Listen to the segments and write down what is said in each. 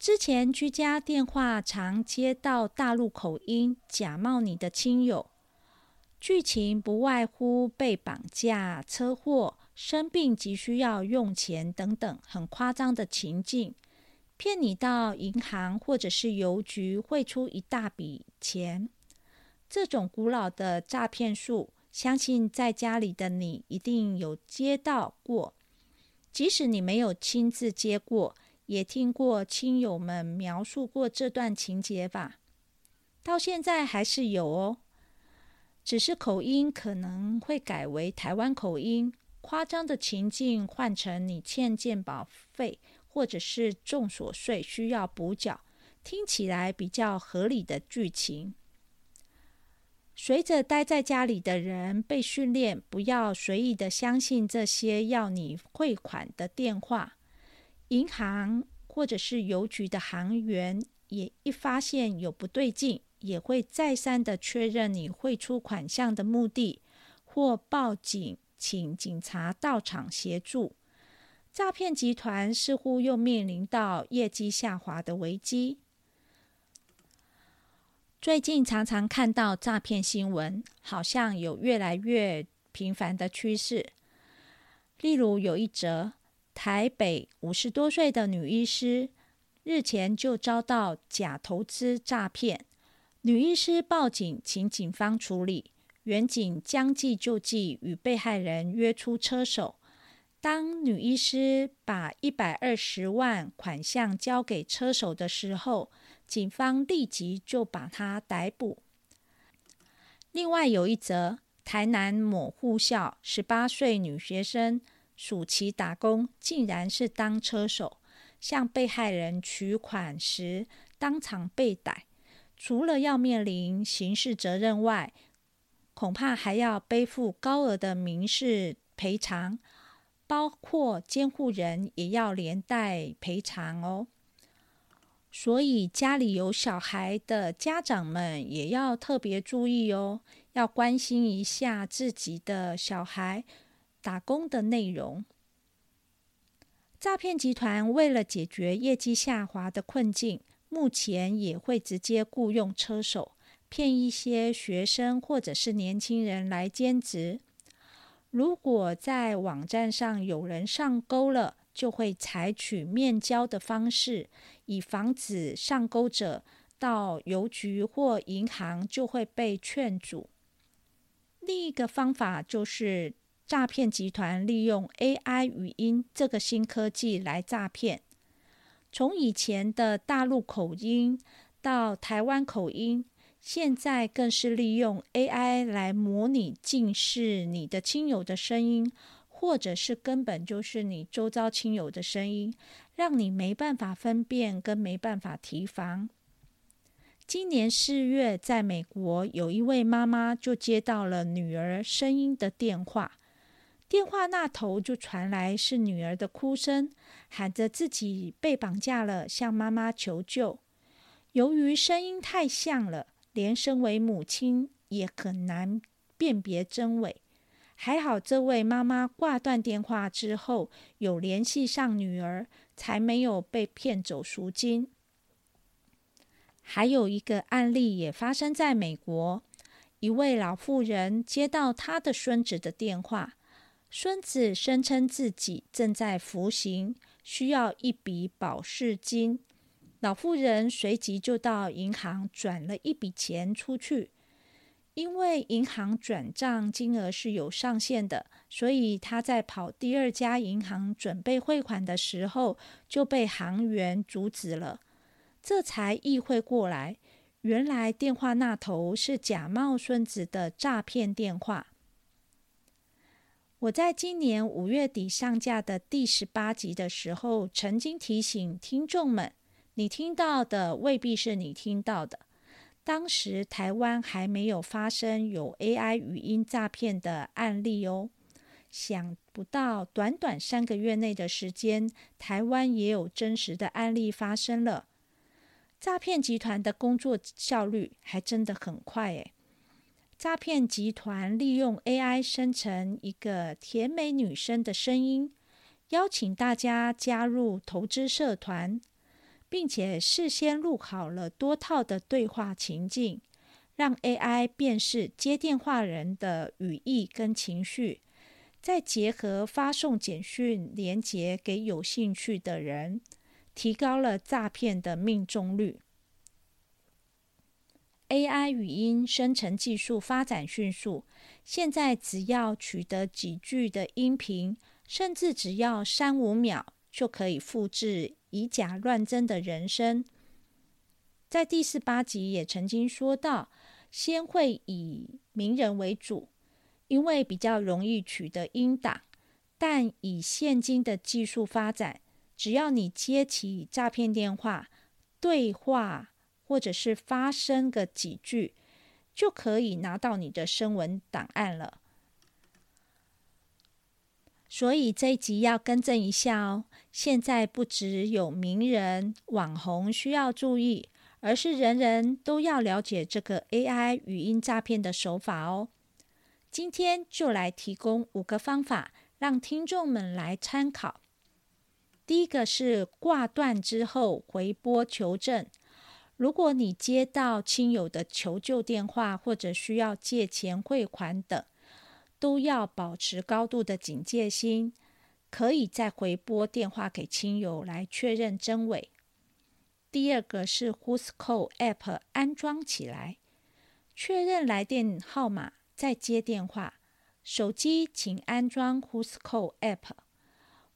之前居家電話常接到大陸口音假冒你的親友，劇情不外乎被綁架、車禍、生病急需要用錢等等很誇張的情境，騙你到銀行或者是郵局匯出一大筆錢。這種古老的詐騙術，相信在家裡的你一定有接到過，即使你沒有親自接過。也聽過親友們描述過這段情節吧？到現在還是有哦，只是口音可能會改為台灣口音，誇張的情境換成你欠健保費，或者是綜所稅需要補繳，聽起來比較合理的劇情。隨着待在家裡的人被訓練，不要隨意的相信這些要你匯款的電話。銀行或者是郵局的行員也一發現有不對勁，也會再三的確認你匯出款項的目的，或報警，請警察到場協助。詐騙集團似乎又面臨到業績下滑的危機。最近常常看到詐騙新聞，好像有越來越頻繁的趨勢。例如有一則，台北五十多歲的女醫師日前就遭到假投資詐騙，女醫師報警請警方處理。員警將計就計，與被害人約出車手。當女醫師把一百二十萬款項交給車手的時候，警方立即就把他逮捕。另外有一則，台南某護校十八歲女學生。暑期打工竟然是當車手，向被害人取款時當場被逮。除了要面臨刑事責任外，恐怕還要背負高額的民事賠償，包括監護人也要連帶賠償哦。所以，家裡有小孩的家長們也要特別注意哦，要關心一下自己的小孩。打工的內容，詐騙集團為了解決業績下滑的困境，目前也會直接雇用車手，騙一些學生或者是年輕人來兼職。如果在網站上有人上鈎了，就會採取面交的方式，以防止上鈎者到郵局或銀行就會被勸阻。另一個方法就是。詐騙集團利用 AI 語音這個新科技來詐騙。從以前的大陸口音到台灣口音，現在更是利用 AI 來模擬、近似你的親友的聲音，或者是根本就是你周遭親友的聲音，讓你沒辦法分辨，跟沒辦法提防。今年四月，在美國有一位媽媽就接到了女兒聲音的電話。電話那頭就傳來是女兒的哭聲，喊着自己被綁架了，向媽媽求救。由於聲音太像了，連身為母親也很難辨別真偽。還好這位媽媽掛斷電話之後，有聯繫上女兒，才沒有被騙走贖金。還有一個案例也發生在美國，一位老婦人接到她的孫子的電話。孫子聲稱自己正在服刑，需要一筆保釋金。老婦人隨即就到銀行轉了一筆錢出去。因為銀行轉賬金額是有上限的，所以她在跑第二家銀行準備匯款的時候就被行員阻止了。這才意會過來，原來電話那頭是假冒孫子的詐騙電話。我在今年五月底上架的第十八集的時候，曾經提醒聽眾們：“你聽到的未必是你聽到的。”當時台灣還沒有發生有 AI 語音詐騙的案例哦。想不到短短三個月內的時間，台灣也有真實的案例發生了。詐騙集團的工作效率還真的很快哎。詐騙集團利用 AI 生成一個甜美女生的聲音，邀請大家加入投資社團，並且事先錄好了多套的對話情境，讓 AI 辨識接電話人的語義跟情緒，再結合發送簡訊連接給有興趣的人，提高了詐騙的命中率。AI 語音生成技術發展迅速，現在只要取得幾句的音頻，甚至只要三五秒，就可以複製以假亂真的人聲。在第十八集也曾經說到，先會以名人為主，因為比較容易取得音檔。但以現今的技術發展，只要你接起詐騙電話，對話。或者是發聲個幾句，就可以拿到你的聲紋檔案了。所以這一集要更正一下哦，現在不只有名人、網紅需要注意，而是人人都要了解這個 AI 語音詐騙的手法哦。今天就來提供五個方法，讓聽眾們來參考。第一個是掛斷之後回撥求證。如果你接到親友的求救電話，或者需要借錢匯款等，都要保持高度的警戒心，可以再回撥電話給親友來確認真偽。第二個是 Whoscall App 安裝起來，確認來電號碼，再接電話。手機請安裝 Whoscall App，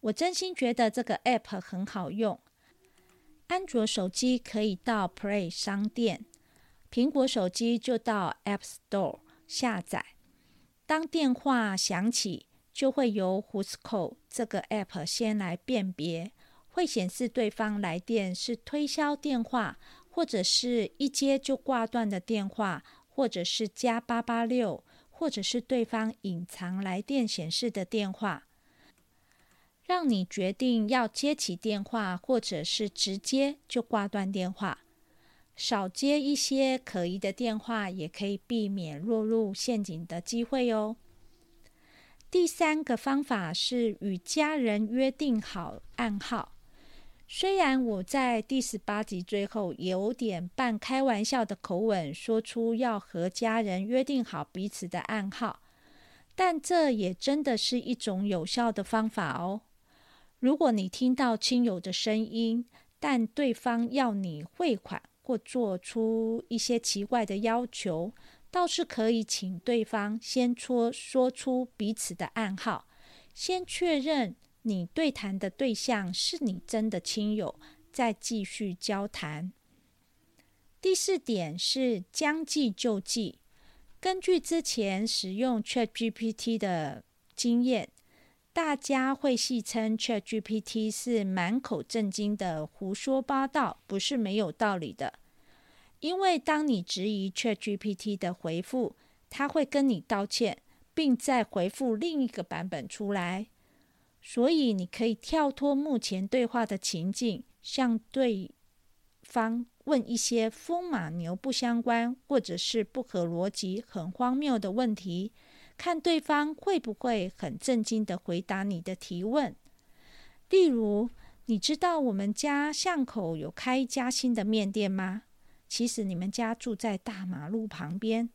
我真心覺得這個 App 很好用。安卓手機可以到 Play 商店，蘋果手機就到 App Store 下載。當電話響起，就會由 Whoscall 這個 App 先來辨別，會顯示對方來電是推銷電話，或者是一接就掛斷的電話，或者是加886，或者是對方隱藏來電顯示的電話。讓你決定要接起電話，或者是直接就掛斷電話。少接一些可疑的電話，也可以避免落入陷阱的機會哦。第三個方法是與家人約定好暗號。雖然我在第十八集最後也有點半開玩笑的口吻，說出要和家人約定好彼此的暗號，但這也真的是一種有效的方法哦。如果你聽到親友的聲音，但對方要你匯款或做出一些奇怪的要求，倒是可以請對方先說說出彼此的暗號，先確認你對談的對象是你真的親友，再繼續交談。第四點是將計就計，根據之前使用 ChatGPT 的經驗。大家會戲稱 ChatGPT 是滿口正經的胡說八道，不是沒有道理的。因為當你質疑 ChatGPT 的回復，他會跟你道歉，並再回復另一個版本出來。所以你可以跳脫目前對話的情境，向對方問一些風馬牛不相關或者是不合邏輯、很荒謬的問題。看對方會不會很震驚地回答你的提問。例如，你知道我們家巷口有開一家新的麵店嗎？其實你們家住在大馬路旁邊。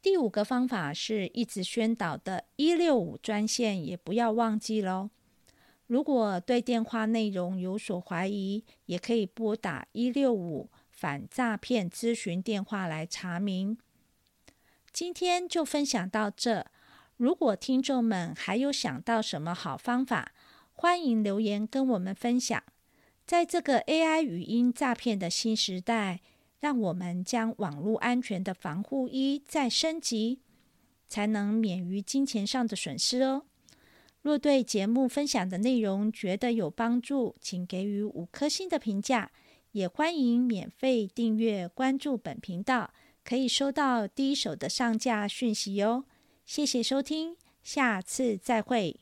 第五個方法是，一直宣導的“一六五”專線，也不要忘記嘍。如果對電話內容有所懷疑，也可以撥打“一六五”反詐騙諮詢電話來查明。今天就分享到這。如果聽眾們還有想到什麼好方法，歡迎留言跟我們分享。在這個 AI 語音詐騙的新時代，讓我們將網絡安全的防護衣再升級，才能免於金錢上的損失哦。若對節目分享的內容覺得有幫助，請給予五顆星的評價，也歡迎免費訂閱關注本頻道。可以收到第一手的上架訊息喲、哦！謝謝收聽，下次再會。